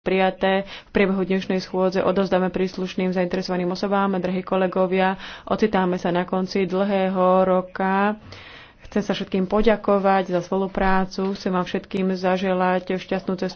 prijaté. V priebehu dnešnej schôdze odozdáme príslušným zainteresovaným osobám. Drahí kolegovia, ocitáme sa na konci dlhého roka. Chcem sa všetkým poďakovať za spoluprácu, chcem vám všetkým zaželať šťastnú cestu.